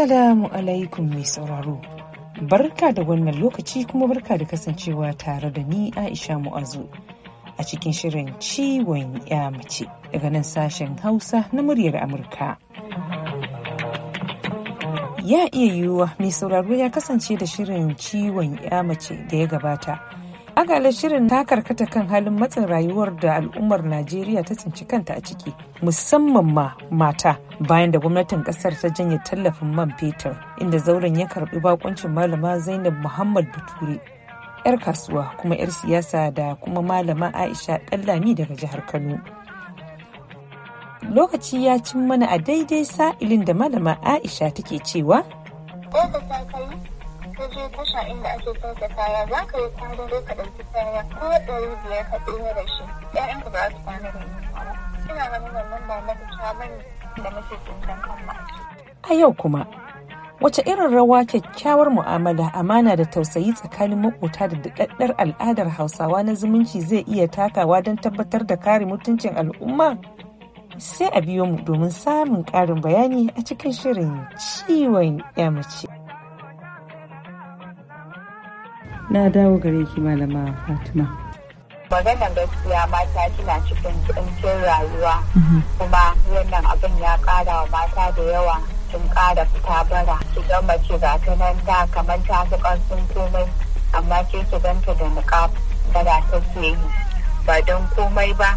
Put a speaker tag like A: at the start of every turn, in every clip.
A: Assalamu alaikum mai sauraro. Barka da wannan lokaci kuma barka da kasancewa tare da ni Aisha Mu'azu a cikin shirin ciwon ya mace daga nan sashen Hausa na muryar Amurka. Ya iya yiwuwa mai sauraro ya kasance da shirin ciwon ya mace da ya gabata Akalar shirin ta karkata kan halin matsin rayuwar da al'ummar Najeriya ta tsinci kanta a ciki, musamman ma mata bayan da gwamnatin kasar ta janye tallafin man fetur, inda zauren ya karbi bakuncin malama Zainab Muhammad Bature. 'yar kasuwa kuma 'yar siyasa da kuma malama Aisha Ɗallami daga jihar Kano. Lokaci ya cin mana a daidai sa'ilin da malama Aisha take cewa.
B: ka je tasha inda ake sauke kaya za ka yi dai ka ɗauki kaya ko ɗari biyar ka tsira da shi ƴaƴanka ba su kwana da ni ina ganin wannan ba mafita bane da muke tsintan kanmu
A: a yau kuma wace irin rawa kyakkyawar mu'amala amana da tausayi tsakanin makota da daɗaɗɗar al'adar hausawa na zumunci zai iya takawa don tabbatar da kare mutuncin al'umma sai a biyo mu domin samun ƙarin bayani a cikin shirin ciwon ya mace. na dawo gare ki malama fatima
C: maganar gaskiya mata kina cikin tsinkin rayuwa mhm. kuma wannan abin ya kara wa mata da yawa sun kara fita bara idan mace ga ta nan ta kamar ta fi karfin komai amma ke ki ganta da niqab bara ke yi ba don komai ba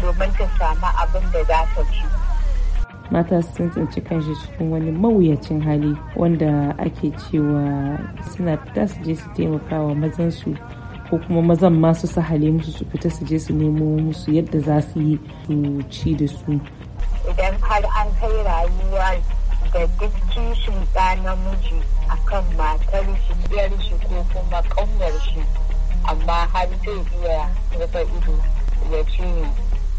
C: domin ta samu abin da za ta ci
A: mata sun tsinci kanshi cikin wani mawuyacin hali wanda ake cewa suna fita su je su taimaka wa mazansu ko kuma mazan masu su sahale musu su fita su je su nemo musu yadda za su yi su ci da su
C: idan har an kai rayuwa da duk kishin ɗa namiji akan matar shi biyar shi ko kuma ƙaunar shi amma har zai iya rufe ido ya ce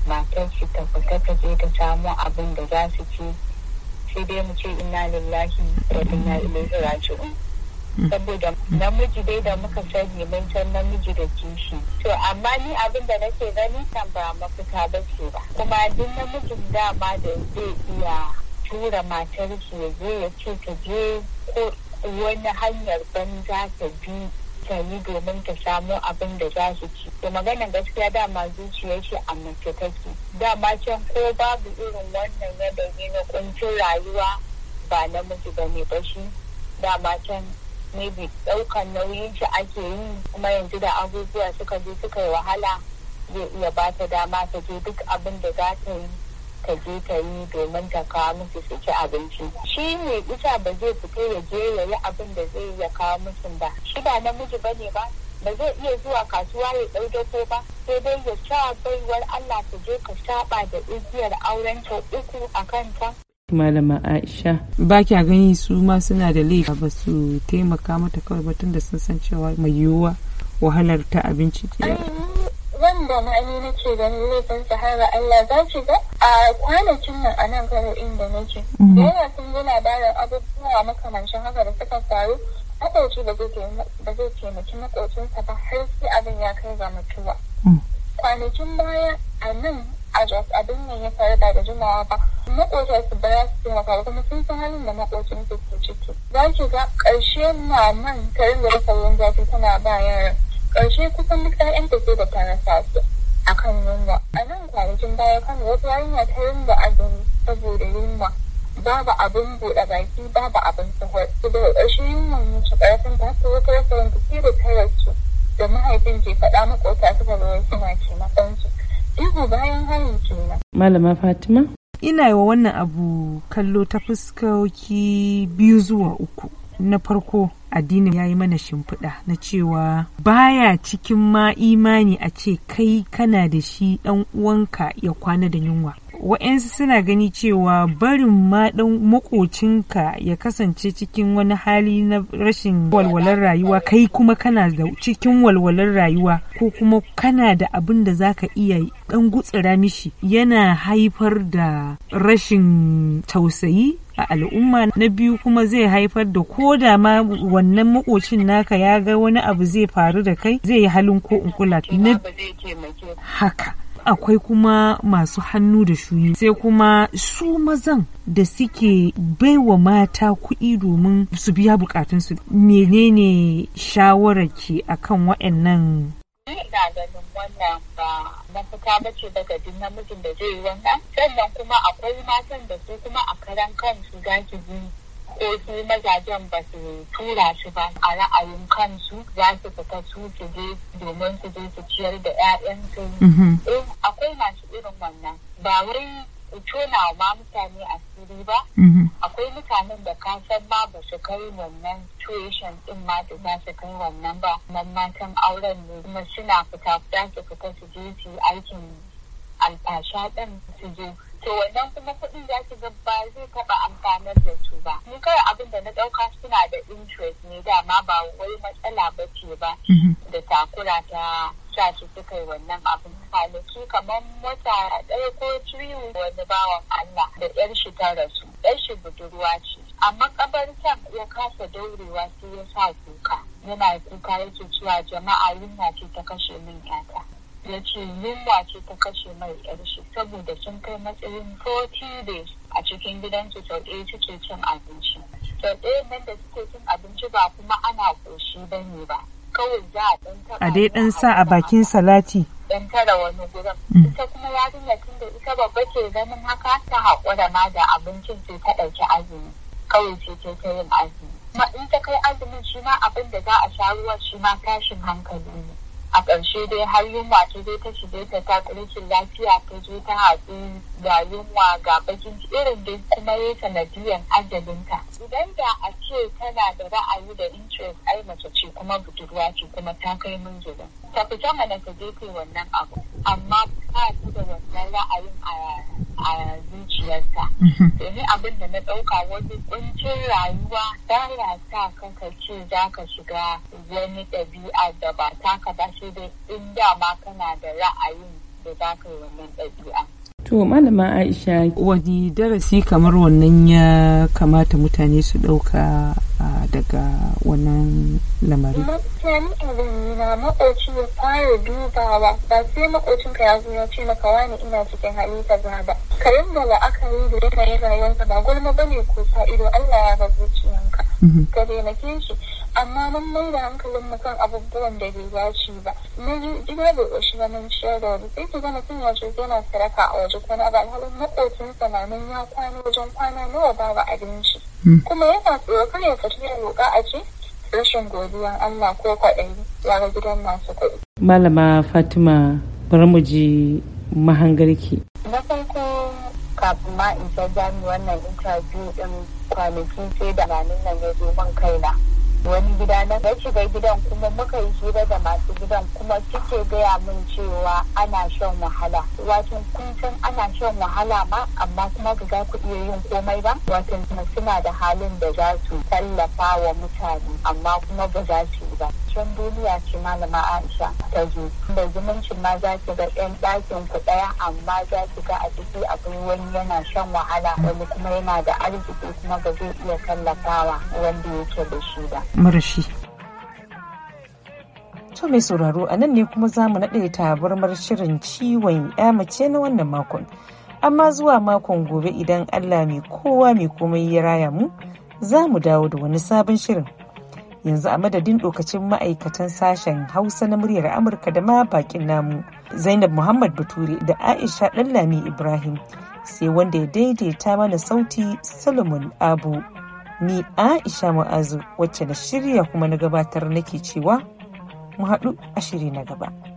C: matar su ta fita ta je ta samo abin da za su ci sai dai mu ce inna lillahi wa inna ilaihi raji'un saboda namiji dai da muka sani mun san namiji da kishi to amma ni abin da nake gani kan ba mafita ba ce ba kuma duk namijin dama da zai iya tura matar su ya zo ya ce ta je ko wani hanyar banza ta bi ta domin ta samu abin da za su ci da maganin gaskiya dama zuciya shi a mace take dama can ko babu irin wannan yanayi na kuncin rayuwa ba namiji ba ne ba shi dama can maybe ɗaukan nauyin shi ake yi kuma yanzu da abubuwa suka je suka yi wahala zai iya ba ta dama ta je duk abin da za ta yi Ka je ka yi domin ta kawo musu su ci abinci shi ne isa ba zai fito ya je ya yi abin da zai ya kawo musu ba shi ba namiji ba ne ba ba zai iya zuwa kasuwa ya ɗau dako ba sai dai ya sha baiwar Allah ka je ka saba da igiyar auren ta uku a
A: kanta. Malama Aisha ba kya gani su ma suna da laifi ba su taimaka mata kawai ba da sun san cewa mai yiwuwa wahalar ta abinci ce.
B: wanda na ni nake ganin laifin sahara Allah za ki ga a kwanakin nan a nan karo inda nake. Da mm. yawa sun yi labarin abubuwa makamancin haka da suka faru makoci ba zai taimaki makocinsa ba har sai abin ya kai ga mutuwa. Mm. Kwanakin baya a nan a Jos abin nan ya faru ba da jimawa ba makocinsu ba ya su taimaka ba kuma sun san halin da makocinsu ke ciki. Za ki ga ƙarshe maman karin da rasa ruwan zafi tana ba yaran. ƙarshe kusan duk ƴaƴan da ke da ta rasa su a kan yunwa a nan kwanakin baya kan wata yarinya ta yunwa azumi saboda yunwa babu abin buɗe baki babu abin Su da ƙarshe yunwa ne su ƙarfin ta ta wata rasa wanda ke da ta su da mahaifin ke faɗa su ga zo suna ke makansu ihu bayan hanyar kenan.
A: malama fatima ina yi wa wannan abu kallo ta fuskoki biyu zuwa uku na farko addinin ya yi mana shimfiɗa na cewa baya cikin ma imani a ce kai kana da shi ɗan uwanka ya kwana da yunwa wa'yansu suna gani cewa barin ma ɗan makocinka ya kasance cikin wani hali na rashin walwalar rayuwa kai kuma kana da cikin walwalar rayuwa ko kuma kana da abin da za ka iya ɗan gutsira mishi yana haifar da rashin tausayi a al'umma na biyu kuma zai haifar da ko da ma wannan makocin naka ya ga wani abu zai faru da kai zai yi halin ko in kula haka akwai kuma masu hannu da shuni sai kuma su mazan da suke baiwa mata kuɗi domin su biya bukatunsu menene shawararki akan waɗannan
C: ina ganin wannan ba mafita ba ce daga duk namijin da zai yi wannan sannan kuma akwai matan da su kuma a karan kansu za ki ji ko su mazajen ba su tura shi ba a ra'ayin kansu za su fita su su je domin su je su ciyar da 'ya'yansu mhm. eh, akwai masu irin wannan ba wai tona ma mutane asiri ba mhm. akwai mutanen da ka san ma ba su kai wannan tuition din ma da za su kai wannan ba nan matan auren ne kuma suna fita za su fita su je su yi aikin alfasha din su je to wannan kuma kuɗin za su ga ba zai taɓa amfanar da su ba ni kai abin da na ɗauka suna da interest ne dama ba wai matsala ba ce ba mhm. da takura ta sa su suka yi wannan abin kwanaki kamar mota ɗaya ko ciwo wani bawan Allah da 'yar shi ta rasu ɗan budurwa ce a makabartan ya kasa daurewa sai ya sa kuka yana kuka yake cewa jama'a yunwa ce ta kashe min yata ya ce yunwa ce ta kashe mai ƙarshe, saboda sun kai matsayin 40 days a cikin gidansu sau ɗaya suke cin abinci sau ɗaya nan da suke cin abinci ba kuma ana ƙoshi ba ne ba kawai za a ɗan taɓa a dai ɗan
A: sa a bakin salati
C: ɗan tara wani gurin mm. ita kuma yarinya tun da ita babba ke ganin haka ta haƙura ma da abincin ce ta ɗauki azumi kawai ce ce ta yin azumi ma in ta kai azumin shi ma abin da za a sha ruwa shi ma tashin hankali ne a ƙarshe dai har yunwa ta zo ta shige ta ta ƙarshen lafiya ta zo ta hatsi ga yunwa ga bakin irin dai kuma ya sanadiyan ajalinta idan da a ce tana da ra'ayi da interest ai mace ce kuma budurwa ce kuma ta kai mun zuba ta fita mana ta je wannan abu amma ba ta da wannan ra'ayin a
B: domin
C: abin da na ɗauka wani kuncin rayuwa ba ya sa kanka ce za ka shiga wani ɗabi'a da ba taka ba shi da in ma kana da ra'ayin da za ka yi wannan ɗabi'a
A: To malama Aisha. Wani darasi kamar wannan ya kamata mutane su ɗauka daga wannan lamari.
B: Mutane na makoci ya fara dubawa ba sai makocinka ya zo ya ce maka wani ina cikin hali za ba. Ka rinda la'akari da yanayin rayuwarka ba gulma ne ko sa ido Allah ya ga zuciyanka. ka ke shi amma mun mai da hankalin mu kan abubuwan da bai dace ba na yi gida bai ƙoshi ba mun shi da wani sai ki ga cin ya yana saraka a waje ko na ba alhalin maƙocinsa sananin ya kwana wajen kwana nawa babu abinci hmm. kuma yana tsoro kan ya fito ya roƙa a ce rashin godiyan Allah ko kwaɗayi ya ga gidan masu kuɗi.
A: Malama Fatima bari mu ji mahangarki
B: kafin
C: ma in canza ni wannan interview din kwanaki sai da ranar nan ya zo man kaina wani gida na na shiga gidan kuma muka yi hira da masu gidan kuma suke gaya min cewa ana shan wahala wato kun san ana shan wahala ma amma kuma ga za ku iya yin komai ba wato suna da halin da za su tallafa wa mutane amma kuma ba za su yi ba ƙarshen duniya ce malama Aisha ta zo. Da zumuncin ma za ki ga ɗan ɗakin ku ɗaya amma za ki ga a ciki akwai wani yana shan wahala wani kuma yana da arziki kuma ba zai iya tallafawa wanda yake da shi
A: ba. Murshi. To mai sauraro a nan ne kuma za mu naɗe tabarmar shirin ciwon ya mace na wannan makon. Amma zuwa makon gobe idan Allah mai kowa mai komai ya raya mu, za mu dawo da wani sabon shirin. yanzu a madadin dokacin ma'aikatan sashen hausa na muryar amurka da ma bakin namu zainab muhammad bature da aisha ɗanlami ibrahim sai wanda ya daidaita mana sauti solomon abu ni aisha mu'azu wacce na shirya kuma na gabatar nake cewa mu haɗu a shiri na gaba.